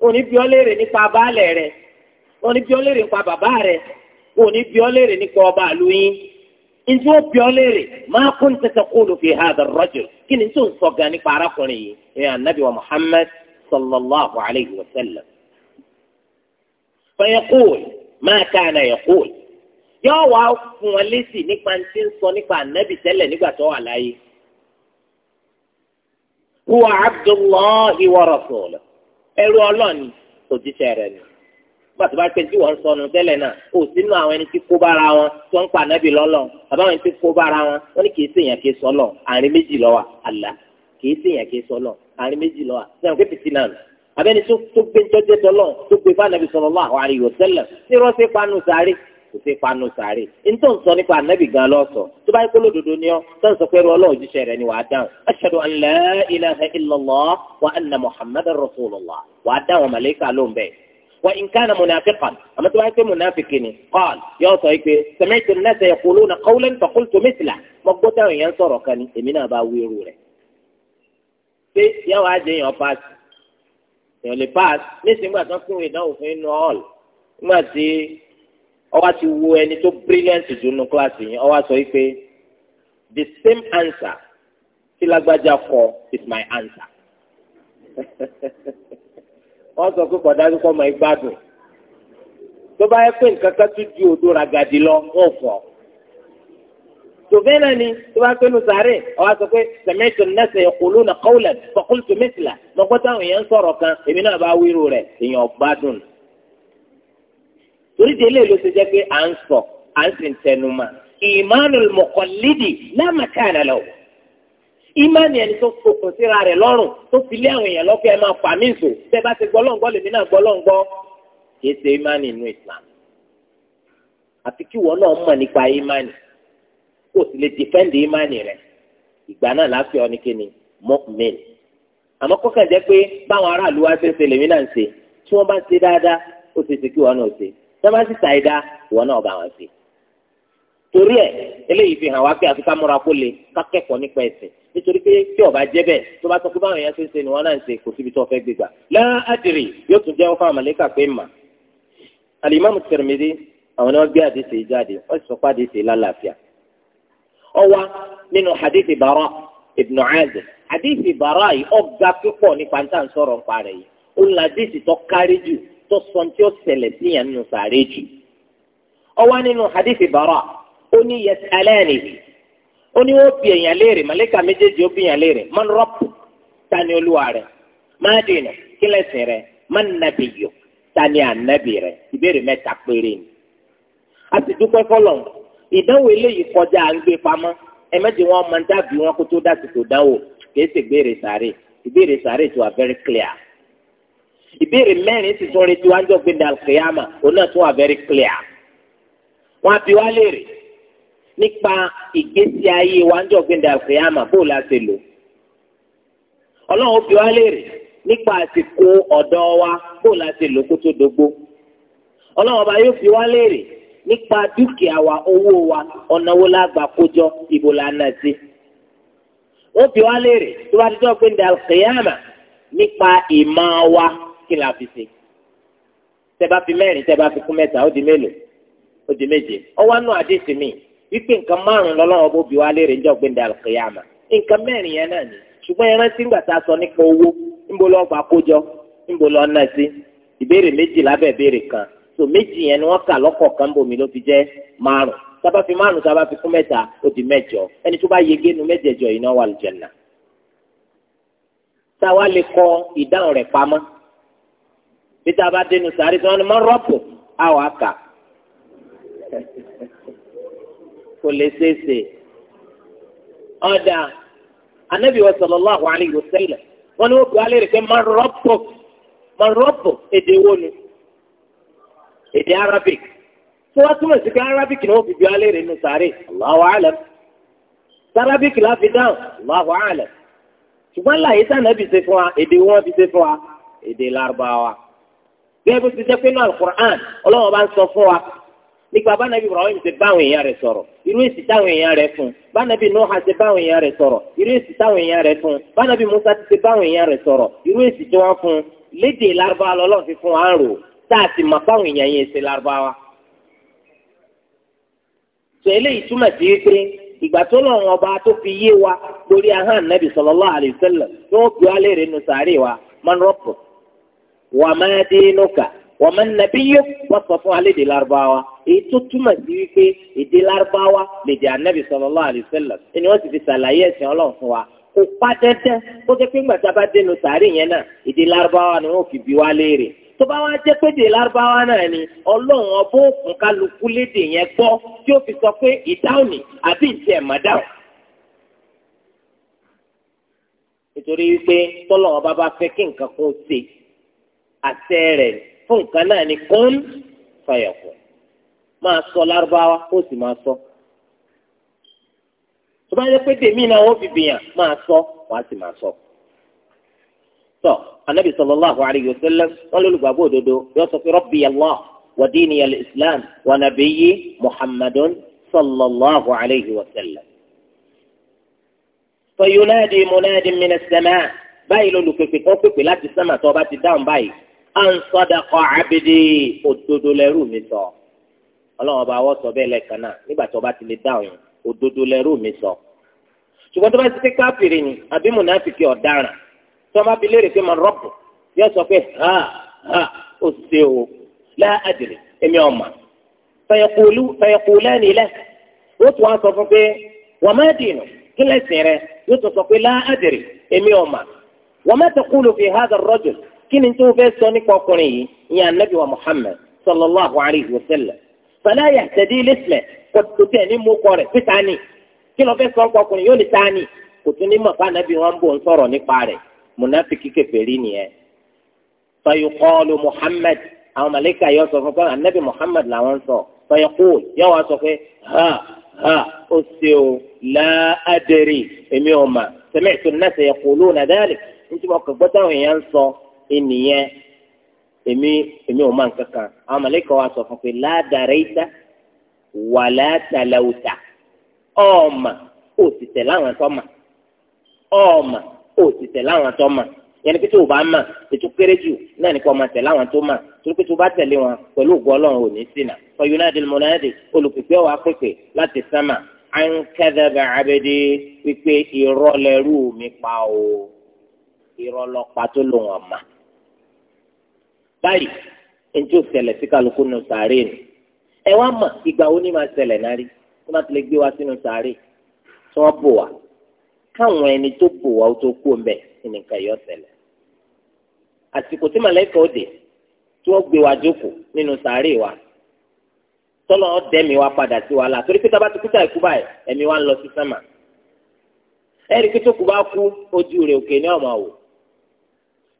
wọn ní léèrè nípa baálẹ̀ rẹ wọn ní léèrè nípa bàbá rẹ wọn ní léèrè nípa ọba àlùyìn. nti o bi ọlẹ́rẹ̀ máa kó n tẹ̀sẹ̀ kóòlù fi hadha ar-rajul kí ni tó ń sọ gan nípa arákùnrin yìí ẹ̀ anabi wa muhammad sallallahu alayhi wa sallam. fayaqul ma kana yaqul yóò wá fún wọn lésì nípa ti ń sọ nípa anabi tẹ́lẹ̀ nígbà tó wà láyé. huwa abdullahi wa rasuluhu ẹrú ọlọ́ọ̀ni òjíṣẹ́ rẹ̀ ni pàtó bá pẹ́ tí wọ́n ń sọnù tẹ́lẹ̀ náà ò sínú àwọn ẹni tí kó bára wọn tí wọ́n ń pa ànábì lọ́lọ́ àbáwọn ẹni tí kó bára wọn wọ́n ní kì í ṣèyàn kì í sọlọ àárín méjì lọ́wọ́ àlà kì í ṣèyàn kì í sọlọ àárín méjì lọ́wọ́ sẹ́wọ̀n pé pìtì náà abẹ́ni tó gbé jọ́jẹ́ tọ́lọ́ tó gbé bá ànábì sallallahu alaihi wasallam tí rọ́ọ̀sì panu sáré kò sí panu sáré ntọ́ ń sọ nípa ànábì gan lọ́sọ̀ tó bá yẹ kó lódodo ni ọ́ tó ń sọ pé rọ́ọ̀lọ́ òjíṣẹ́ rẹ̀ ni wàá dáhùn ashhadu an la ilaha illallah wa anna muhammadar rasulullah wàá dáhùn màlẹ́kà ló bẹ́ẹ̀ wa in kana munafiqan àmọ́ tó bá yẹ pé munafiki ni qal yóò sọ pé sami'tu an-nasa yaquluna qawlan fa qultu mithla mo gbọ́ táwọn èèyàn sọ̀rọ̀ kan ni èmi náà bá wíru rẹ̀ pé yàwó àjẹ yàn paasi yàn lè paasi nísìnyí gbà tó fún ìdánwò fún inú hall nígbà tí ti wo ẹni tó brilliant jù nínú kíláàsì yẹn ọwọ́ sọ the same answer tí lágbájá is my answer. wọ́n sọ pé kọ̀dájú kọ́ máa gbádùn tó bá yẹ pé nǹkan kan tún ju odò ragadi lọ wọ́n fọ́ tòbẹ́ náà ni tó bá pẹ́ nu sàárẹ̀ ọ̀ wá sọ pé sẹ̀mẹ́tò nẹ́sẹ̀ yaquluna qawlan faqultu mithla mọ̀gbọ́n táwọn èèyàn ń sọ̀rọ̀ kan èmi náà bá wíru rẹ̀ èèyàn gbádùn torí délé ló ti jẹ́ pé à ń sọ à ń sì ń tẹnu mọ́ ìmánul muqallidi la ìmánì ẹni tó fòkùn síra rẹ̀ lọ́rùn tó fi lé àwọn èèyàn lọ́kọ̀ ẹ máa fà mí nsò tẹ bá ti gbọ́lọ́ngbọ́ lèmi náà gbọ́lọ́ngbọ́ kìí ṣe ìmánì inú Islam àti kí wọn náà mọ̀ nípa ìmánì kò sì lè dìfẹ́ǹdì ìmánì rẹ̀ ìgbà náà láti ọ ní kíni mọ́kùnmẹ́ni àmọ́ kọ́kàn jẹ́ pé báwọn aráàlú wá ṣe ń ṣe lèmi náà ń ṣe tí wọ́n bá ṣe dáadáa ó ṣe ṣe kí wọ́n náà ṣe nítorí pé tí ọba jẹ́ bẹ́ẹ̀ tó bá sọ pé báwọn èèyàn ṣe ń ṣe ni wọ́n náà ń ṣe kò síbi tó fẹ́ gbégbà láà àdìrì yóò tún jẹ́ fún àmàlẹ́kà pé mà alimami Tirmidhi àwọn ni wọ́n gbé àdìsí jáde wọ́n sì sọ pé àdìsí lálàáfíà ọwa nínú hadithi Bara ibn Azib hadithi Bara yìí ọ̀gá púpọ̀ nípa ń sọ̀rọ̀ nípa rẹ̀ yìí ó ní hadithi kárí ó ní wọ́n bi èèyàn léèrè màlẹ́kà méjèèjì ó bi èèyàn léèrè man ta ni olúwa rẹ máa dènà kílẹ̀ rẹ man nàbì yọ ta ni ànábì rẹ ìbéèrè péré ni. a sì dúpẹ́ ìdánwò eléyìí kọjá à ń gbé pamọ́ ẹ wọn máa ń wọn kó tó clear ìbéèrè mẹ́rin sì tún retí wájú ọ̀gbìn dàlùkìyàmà òun náà tún wà very clear wọn nípa ìgbésí ayé wa ń jọ gbẹ̀ndà àfẹ́yàmà bó la ṣe lò. ọlọ́run ó bi wá léèrè nípa àsìkò ọ̀dọ́ wa bó la ṣe lò kó tó dogbo. ọlọ́run ọba yóò bi wá léèrè nípa dúkìá wa owó wa ọ̀nà wo la gbà kójọ ìbò la nà sí. ó bi wá léèrè tó bá ti jọ gbẹ̀ndà àfẹ́yàmà nípa ìmọ̀ wa kí la fi ṣe. tẹ́ bá fi mẹ́rin tẹ́ bá fi kún mẹ́ta ó di mélòó ó di méje ọwọ́ nù àdéhùn mi. wípé nǹkan márùn lọ́lọ́wọ́ bó bi wá léèrè níjọ́ gbẹ̀ndẹ̀ àlùkìyàmà nǹkan mẹ́rin yẹn náà ni ndị ẹ rántí ńgbà tá a sọ nípa owó ńbo lọ́ọ́ gbà kójọ ńbo sí kan so méjì yẹn ni wọ́n kà lọ́kọ̀ọ̀kan ló fi jẹ́ márùn sábà fi márùn sábà fi yege nu mẹ́jẹ̀jọ yìí náà wà lè kọ ìdáhùn rẹ̀ pamọ́ bí tá a bá dénú tí wọ́n ní kò lè ṣeéṣe ọ̀dà anabi wa sallallahu alayhi wa sallam wọn ni wọn kọ alẹ́ rẹ̀ pé man rabbuk man rabbuk èdè wo ni èdè arabic tí wọ́n túmọ̀ sí pé arabic ni wọ́n fi bí alẹ́ rẹ̀ nù sáré allahu alam arabic la fi dáhùn allahu alam ṣùgbọ́n láyé tí anabi ṣe fún wa èdè wọn fi ṣe fún wa èdè larubawa bí ẹbí ti jẹ́ pé náà alukur'an ọlọ́wọ́ bá ń sọ fún wa. nípa bánabi Ibrahim ṣe báwọn èèyàn rẹ̀ sọrọ irú èsì táwọn èèyàn rẹ̀ fún bánabi Noha ṣe báwọn èèyàn rẹ̀ sọrọ irú èsì táwọn èèyàn rẹ̀ fún bánabi Musa ti báwọn èèyàn rẹ̀ sọrọ irú èsì tí wọ́n fún léde Lárúbáwá lọ́lọ́run fi fún àárò tá a báwọn èèyàn yẹn ṣe wa. sọ eléyìí túmọ̀ sí ìgbà tó lọ́run wa lórí tó ń wa wọ́n mọ nàbí yó wọ́n sọ fún alẹ́ èdè lárúbáwá èyí tó túmọ̀ sí wípé èdè lárúbáwá lèdè ànábì sallallahu alaihi wasallam ẹni wọ́n ti fi sàlàyé ẹ̀sìn ọlọ́run fún wa kò pa dẹ́dẹ́ kó jẹ́ pé ńgbàtà bá dénú sàárì yẹn náà èdè lárúbáwá ni wọ́n fi bí wá léèrè tó bá wá jẹ́ pé èdè lárúbáwá náà ni ọlọ́run ọbọ̀ òkun kálukú lédè yẹn gbọ́ tí ó fi sọ pé ìdáhùn ni àbí ìtì ẹ̀ má dáhùn. nítorí wípé tọ́lọ́run ọba bá fẹ́ kí nǹkan kan ṣe àṣẹ rẹ̀ ni fún nǹkan náà ni kún fàyàkùn máa sọ lárúbáwá ó sì máa sọ tó bá yẹ pé tèmi náà wọ́n fi bìyàn máa sọ wàá sì máa sọ. tọ́ anabi sallallahu alayhi wa sallam wọn lólùgbàgbọ́ òdodo yóò sọ pé rọ́bì allah wa diini yal islam wa nabiyyi muhammadun sallallahu alayhi wa sallam. fayunadi munadi min as-samaa báyìí lólùkèké kan pèpè láti sánmà tó o bá ti dáhùn báyìí. ansọdakọ abidi òdodo lẹrú mi sọ ọlọ́wọ́n bá wọ́ sọ bẹ́ẹ̀ lẹ́ẹ̀kan náà nígbà tó bá ti lè dáhùn òdodo lẹrú mi sọ ṣùgbọ́n tó bá ti pé káfíìrì ni àbí mùnàfíkì ọ̀daràn tó bá fi léèrè pé mà rọ́pù yóò sọ ha ha ó ṣe o láàdìrì èmi ọ̀mà fẹ̀yẹ̀kùlù fẹ̀yẹ̀kùlẹ́ni lẹ̀ ó tún sọ fún pé má rẹ yóò tún sọ pé èmi má fi hàdà kí ni tí mo fẹ́ sọ nípa ọkùnrin yìí ìyẹn anabi wa muhammed sallallahu alayhi wa sallam fala yahtadi lismẹ kò tẹ̀ ní mú kọ rẹ̀ síta ni kí ló fẹ́ sọ nípa ọkùnrin yóò ní ta ni kò tún ní mọ̀ fún anabi wọn bò ń sọ̀rọ̀ nípa rẹ̀ munafiki kèfèrí nìyẹn fayuqalu muhammed àwọn màlàíkà yóò sọ fún kọ́nà anabi muhammed làwọn sọ fayaqul yóò wá sọ pé ha ha ó ṣe o la adri èmi ò mà sami'tu an-nasa yaquluna dhalik nítorí ọkọ̀ ènìyàn èmi èmi ò máa nǹkan kan àwọn mọ̀lẹ́kọ̀ wa sọ fún pé ládàrẹ́ta wàlátàlàwùtà ọ̀ọ̀mà kò sì tẹ̀ láwọn tó mà ọ̀ọ̀mà kò sì tẹ̀ láwọn tó mà yẹn ni pé tó o bá mà ètò kéré jù náà ní kó o máa tẹ̀ láwọn tó mà torí pé tó o bá tẹ̀lé wọn pẹ̀lú ògùn ọlọ́run ò ní ṣìnà fọyúnádé mọ̀nádé olùpèpè wa pèpè láti sánmà à kẹ́dàbà abẹ́dẹ́ wípé ìrọ̀lẹ́rù mi pa o ìrọ̀lọ́pàá tó lò wọ́n mà. báyìí ẹnjẹ òṣẹlẹ sí kálukú nù sàárè nù ẹ wá mà ìgbà wo ni máa ṣẹlẹ̀ náà rí tó má tilẹ̀ gbé wá sínú sàárè tí wọ́n bò wá káwọn ẹni tó bò wá ó tó kú mbẹ nìkan yọ ṣẹlẹ̀ àsìkò tí n'inu ó dé tí wọ́n gbé wá jókòó nínú sàárè wa tọ́lọ́ dẹ́mi wá padà la torí pé tábà tó kúta báyìí ẹ̀mí wa ń lọ sí ẹ̀rí tó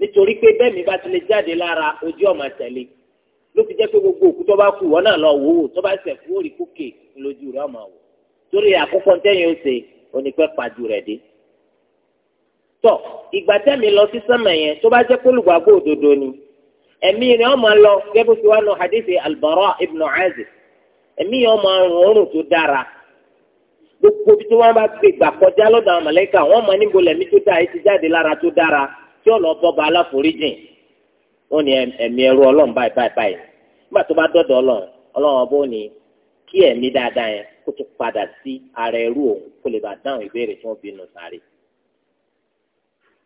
nítorí pé bẹ́ẹ̀ mi bá ti lè jáde lára ojú ọ̀mà tẹ̀lé ló fi jẹ́ pé gbogbo òkú tó bá kú wọn náà lọ wò ó tó bá ṣẹ̀ fún òrì kókè lójú rẹ̀ ọ̀mà wò torí àkọ́kọ́ tẹ́yìn ó ṣe onípẹ́ pàjù rẹ̀ dé. tọ́ ìgbà tẹ́mi lọ sí sánmà yẹn tó bá jẹ́ pólùgbàgbọ́ òdodo ni ẹ̀mí rẹ̀ ọ̀mà lọ gẹ́gẹ́ bí wọ́n lọ hadithi albara ibn azib ẹ̀mí yẹn ọ̀mà òórùn tó dára gbogbo bí tí wọ́n bá gbé gbà kọjá lọ́dọ̀ àwọn mọ̀lẹ́kà wọ́n mọ tí ó lọ bọba aláforíjìn ó ní ẹ̀mí ẹrú Ọlọ́run báyìí báyìí báyìí nígbà tó bá dọ̀dọ̀ Ọlọ́run Ọlọ́run ọbọ ní kí ẹ̀mí dáadáa yẹn kó tó padà sí ara ẹrú òun kó lè bá dáhùn ìbéèrè tí wọn bí nù sáré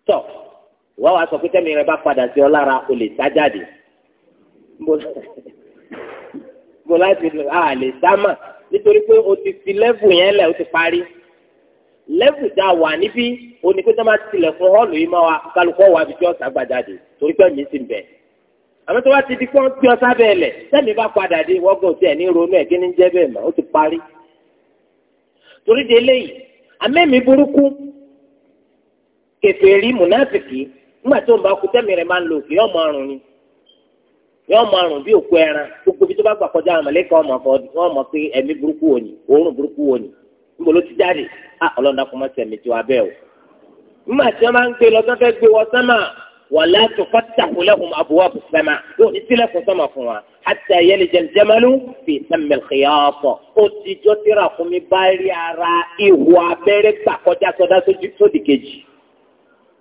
tọ ìwọ wa sọ pé tẹmí rẹ bá padà sí ọ lára o lè sá jáde mo láti lè sá mà nítorí pé o ti fi lẹ́fù yẹn lẹ̀ o ti parí lẹ́fù tá a wà níbí oní pé sábà tilẹ̀ fún họ́ọ̀lù yìí máa wa kálukọ́ wa bí tí ọ̀sà torí pé mi si bẹ̀. àmọ́ tó bá ti di pọ́n tí ọ̀sà sẹ́mi bá padà dé wọ́gàn tí ẹ̀ ní ronú ẹ̀ kí ni torí de eléyìí amẹ́mi burúkú nígbà tó ń bá kú tẹ́mi rẹ̀ máa ń lò kí ni bí òkú ẹran gbogbo ibi tó bá níbo ló ti jáde á ah, ọlọ́run dákun má sẹ̀mí tí wàá bẹ́ẹ̀ o. nígbà tí wọ́n máa ń gbé lọ sọ́fẹ́ gbé wọ sánmà wala tufattahu lahum abwabu sama yóò ní sílẹ̀kùn sánmà fún wa hatta yalija al-jamalu fi sammi al-khiyat ó ti jọ́ tíra fún mi bá ara ihò abẹ́rẹ́ gbà kọjá sọdá sódì kejì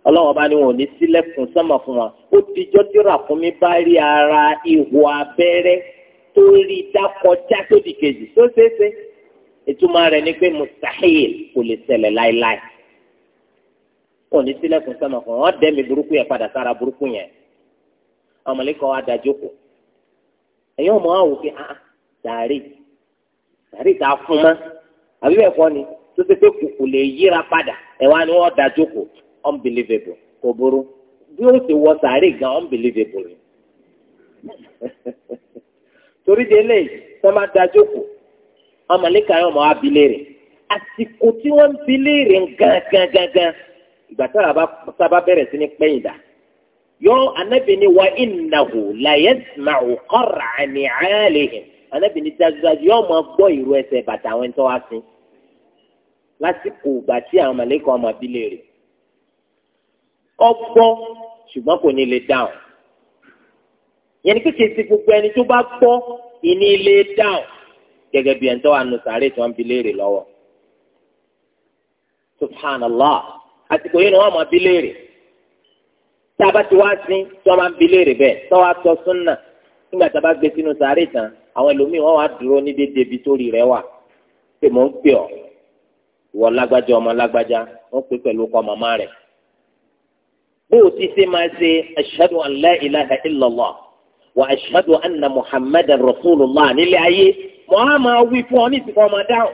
ọlọ́wọ́n bá ní wọn ò ní sílẹ̀kùn sánmà fún wa ó ti jọ́ tíra fún mi bá ara ihò abẹ́rẹ́ torí dákọjá sódì kejì tó ìtumọ̀ rẹ̀ ni pé kò lè ṣẹlẹ̀ láéláé wọn ní sílẹ̀kùn sọ́mọ̀ kan wọ́n dẹ́mi burúkú yẹn padà sára burúkú yẹn ọmọlẹ́kọ̀ọ́ wa ẹ̀yin ọmọ wa ah sàárè ah, sàárè tá a fún ma àbí bẹ́ẹ̀ kọ́ ni tó ṣe pé lè yíra padà ẹ̀ wá ni wọ́n unbelievable kò burú àwọn màlẹ́kà yóò máa bi léèrè àsìkò tí wọ́n ń bi léèrè gangan gangan ìgbà tára sábà bẹ̀rẹ̀ sí ní pẹ́yìn dà yọ anabi ni wa innahu la yasma'u qar'ani 'alihim anabi ni dájúdájú yọ máa gbọ́ ìró ẹsẹ̀ bàtà àwọn ẹni wá sí lásìkò ìgbà tí àwọn ọmọ bi léèrè ọgbọ́ ṣùgbọ́n kò ní lè dáhùn yẹn kékeré ti gbogbo ẹni tó bá gbọ́ ìní lè dáhùn gẹ́gẹ́ bí ẹni tó wà nù sàárè tí wọ́n fi léèrè lọ́wọ́ subhanallah àsìkò yìí ni wọ́n máa bi léèrè tá a bá ti wá sí tí wọ́n máa bi léèrè bẹ́ẹ̀ tó wàá sọ súnà nígbà tá a bá gbé sínú sàárè tán àwọn ẹlòmíì wọ́n wàá dúró ní dédé ibi tó rí rẹ wà pé mò ń pè ọ́ ìwọ lágbájá ọmọ lágbájá wọ́n pè pẹ̀lú ọkọ màmá rẹ̀ bó o ti ṣe máa ṣe ashhadu an la ilaha illallah anna muhammadan rasulullah nílé ayé mọ̀ á máa wí fún ọ ní ìsìnkú ọmọ dáhùn.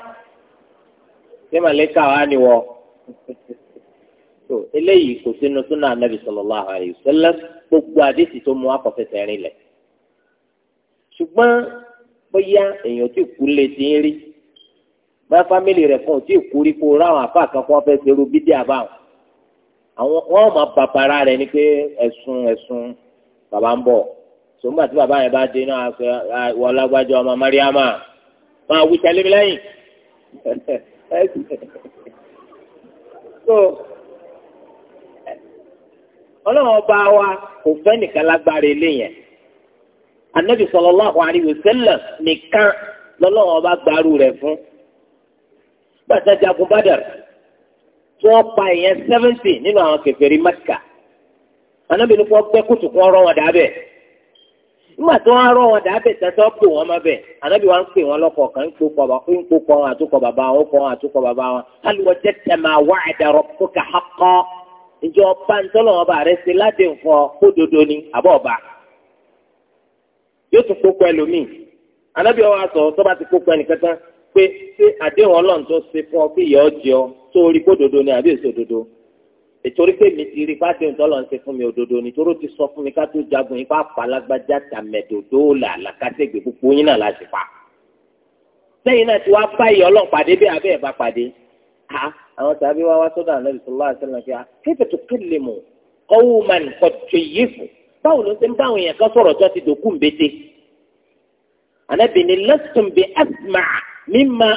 ṣé màlẹ́kà wá ni wọ? tó eléyìí kò sínú súnà anábì sallallahu alaihi wasallam gbogbo àdéhìí tó mú akọ̀fẹ́sẹ̀ rìn lẹ̀. ṣùgbọ́n bóyá èèyàn tí kú lè ti ń rí bá fámìlì rẹ̀ kan tí kú rí kó ráwọn àfa kan kó fẹ́ ṣerú bídí àbáwọn. àwọn wọn máa bàbára rẹ̀ ni pé ẹ̀sùn ẹ̀sùn bàbá ń bọ̀ sọgbà tí bàbá yẹn bá dé náà àfẹ wọ lágbájọ ọmọ mariama máa wí tẹlẹ mi ọlọ́run ọba wa kò fẹ́ nìkan lágbára eléyẹn anabi sallallahu alaihi wasallam nìkan lọ́lọ́run ọba gbàrú rẹ̀ fún gbàtàjà gùnbàdàr tí wọ́n pa èèyàn seventy nínú àwọn kèfèrí mẹ́kà anabi ní kò gbẹ́ kùtù kó ọrọ̀ wọn dàbẹ̀. nígbà tó wá rọ wọn dàbẹ̀ tẹ́tọ́ pò wọn má bẹ̀ ànábì wa pè wọn kan ń kpókọ̀ ń wọn àtúkọ̀ bàbá wọn kọ̀ wọn àtúkọ̀ bàbá wọn alùpùpù kó ìjọ ọba ọba rẹ ṣe láti nǹkan kó dodo ni àbọ̀ ọba yóò tún kpókọ̀ ẹlòmíì sọ ti ẹnì pé ṣé àdéhùn ètorí pé mi ti rí fádéhùn tọ́lọ̀ ń ṣe fún mi òdodo nítorí ti sọ fún mi ká tó jagun yín pàápàá lágbájá tàmẹ̀dòdó là làkàtẹ́gbè púpọ̀ yín náà láti pa. lẹ́yìn náà tí wàá bá ìyá ọlọ́pàdé bí abẹ́ ẹ̀ bá pàdé. àwọn tàbí wá wá sọ́dọ̀ ànábì sọlá àṣẹlẹ̀ fi kéfì tó kéle mọ̀ ọwọ́ máa nìkan tó yé fún. báwo ló ṣe ń bá èèyàn kan sọ̀rọ̀ tó ti dòkú mbété. ànábì ni lẹ́sùn bí asma mímọ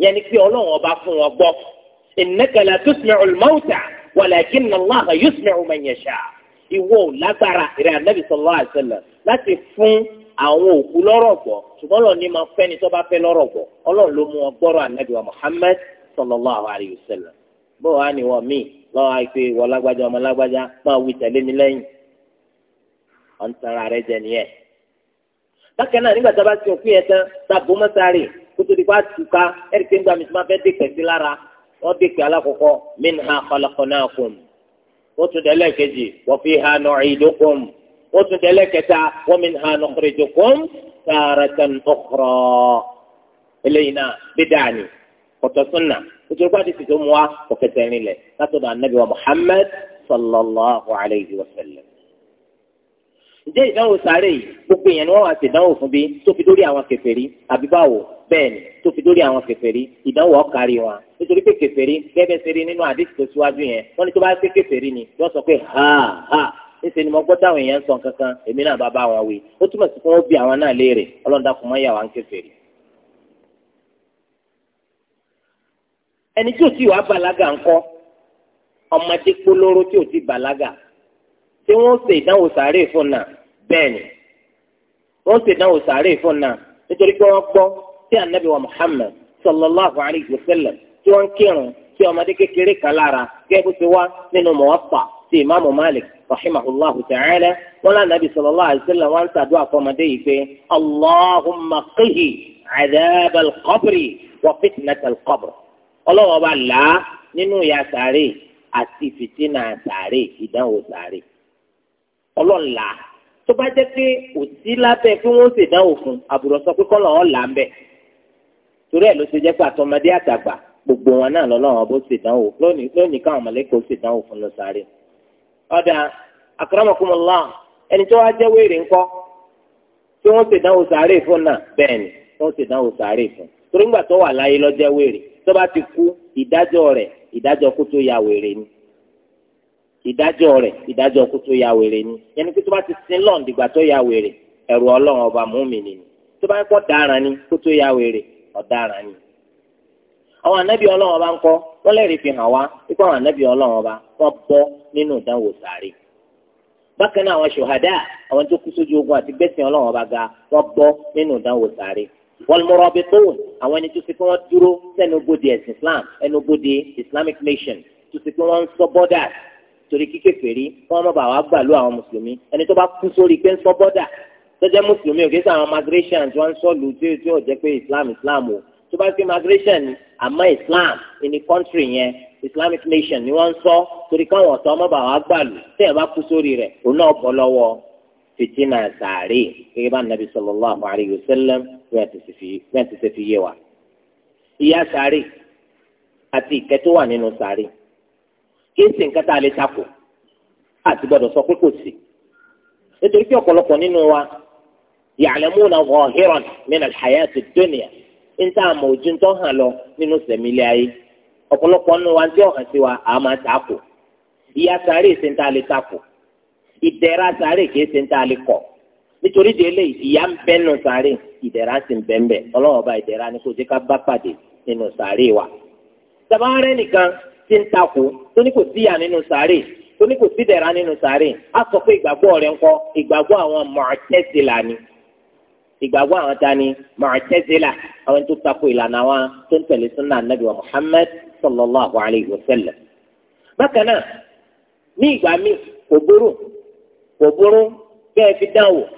yẹn ni pé ọlọ́run ọba fún wọn gbọ́ innaka la tusmi'ul mauta walakinna Allaha yusmi'u man yasha ìwọ lágbára ìrẹ́ ànábì sallallahu alaihi wasallam láti fún àwọn òkú lọ́rọ̀ gbọ́ ṣùgbọ́n lọ́ọ̀ ni máa fẹ́ ni tó bá fẹ́ lọ́rọ̀ gbọ́ ọlọ́run ló mú wọn gbọ́rọ̀ ànábì wa Muhammad sallallahu alaihi wasallam bó wàá ní wọn míì lọ́wọ́ àìpé ìwọ lágbájá ọmọ lágbájá máa wí kótó di pa tuka ẹ̀rí pé nígbà mìíràn fẹ́ dé pẹ̀sí lára wọ́n dé pẹ̀ alákọ̀ọ́kọ́ minha khalaqnakum wọ́n tún dẹ́lẹ̀ kejì wa fiha nu'idukum wọ́n tún dẹ́lẹ̀ kẹta wa minha nukhrijukum taratan ukhra eléyìí náà bí dáàni kọ̀tọ̀ súnà kótó di pa ti tètè mu wa kọ̀kẹ́tẹ̀ lẹ̀ látọ̀dọ̀ anabi wa sallallahu alayhi wa sallam ǹjẹ́ ìdánwò sáré yìí gbogbo èèyàn ni wọ́n wá sí ìdánwò fún bí tó fi dórí àwọn kèfèrí àbí báwo bẹ́ẹ̀ ni tó fi dórí àwọn kèfèrí ìdánwò ọ̀kárí wọn nítorí pé kèfèrí gẹ́gẹ́ ṣe nínú àdìsí tó síwájú yẹn wọ́n ní tó bá ṣe kèfèrí ni wọ́n sọ pé ha ha níṣẹ́ ni mo gbọ́ táwọn èèyàn ń sọ kankan èmi náà bá bá wọn wí ó túmọ̀ sí fún ó bí àwọn náà léèrè ọlọ́dà ṣé wọ́n ṣe ìdánwò sàárè fún náà bẹ́ẹ̀ ni wọ́n ṣe ìdánwò sàárè fún náà nítorí pé wọ́n gbọ́ tí anabi wa Muhammad sallallahu alayhi wa sallam tí wọ́n kírun tí ọmọdé kékeré kan lára gẹ́gẹ́ bó ṣe wá nínú Muwatta ti imaamu Malik rahimahullahu ta'ala wọn lánàá nabi sallallahu alayhi wa sallam wọn ṣàdúrà fọmọdé yìí pé allahumma qihi adhabal qabri wa fitnatal qabr ọlọ́wọ́ bá là á nínú ìyà sàárè àti fìtínà sàárè ìdánwò sàárè. ọlọ́run tó bá jẹ́ pé kò lábẹ́ pé wọ́n fún àbùrọ̀ sọ torí ẹ̀ ló ṣe jẹ́ pé àtàgbà gbogbo wọn náà lọ́lọ́run ọbọ̀ ṣèdánwò lónìí lónìí káwọn mọ̀lẹ́kọ̀ fún lọ sáré ọ̀dà ẹni tó wá jẹ́ wéèrè ńkọ́ wọ́n sáré fún náà bẹ́ẹ̀ ni wọ́n sáré fún torí ńgbà ya ìdájọ́ rẹ̀ ìdájọ́ kó tó ya wèrè ni yẹnni pé tó bá ti sin lọ́n dìgbà tó ya wèrè ẹ̀rù ọlọ́run ọba mùmínì ni tó bá kọ́ daran ni kó tó ya wèrè ọ̀daràn ni. àwọn ànábì ọlọ́run ọba ń kọ́ wọ́n lè rí fi hàn wá wípé àwọn ànábì ọlọ́run ọba wọ́n bọ́ nínú ìdánwò sáré. bákan náà àwọn ṣòhádà àwọn tó kú sójú ogun àti gbẹ̀sìn ọlọ́run ọba ga wọ́n bọ́ nínú ìdánwò sáré wọlmọrọbìtún àwọn ẹni tó ṣe pé wọ́n dúró sẹ́nu bodè ẹ̀sìn islam ẹnu bodè islamic nation tó ṣe pé wọ́n ń sọ borders torí kíkẹ́ fèrí wọn má bàa wá gbàlú àwọn mùsùlùmí ẹni tó bá kú sórí pé ń sọ bọ́dà tọ́jẹ́ mùsùlùmí òkè sí àwọn migration tí wọ́n ń sọ̀lù tí ó tí jẹ́ pé islam islam o tó bá sí migration àmọ́ islam ní country yẹn islamic nation ni wọ́n ń sọ torí káwọn ọ̀tọ́ má bàa wá gbàlú tẹ́ ẹ̀ bá kú sórí rẹ̀ òun náà bọ́ lọ́wọ́ fitina sàárè gẹ́gẹ́ bá nàbí sallallahu alayhi wa sallam bẹ́ẹ̀ ti ṣe fi yé wa ìyà sàárè àti ìkẹ́ kí èsì taa tá a lè takò àti gbọ́dọ̀ sọ pé kò sí nítorí pé ọ̀pọ̀lọpọ̀ nínú wa ya'lamuna zahiran min al-hayati ad-dunya níta àmọ̀ ojú tó hàn lọ nínú sẹ̀mílẹ̀ ayé ọ̀pọ̀lọpọ̀ nínú wa tí ọ̀hàn sí wa àá máa takò ìyà sáré èsì ń tá a lè takò ìdẹ̀ra sáré kìí ṣe ń tá a kọ̀ nítorí délé ìyà ń bẹ nù sáré ìdẹ̀ra sì ń bẹ́ẹ̀ ọlọ́wọ́ tí ń takò tó ní kò sí ìyà nínú sàárè tó ní kò sí ìdẹ̀ra nínú sàárè á sọ pé ìgbàgbọ́ rẹ̀ ńkọ́ ìgbàgbọ́ àwọn Mu'tazila ni ìgbàgbọ́ àwọn ta ni Mu'tazila àwọn tó takò ìlànà àwọn tó ń tẹ̀lé sunna anabi wa Muhammad sallallahu alayhi wa sallam. bákan náà ní ìgbà míì kò burú kò burú kẹ́ fi dáwò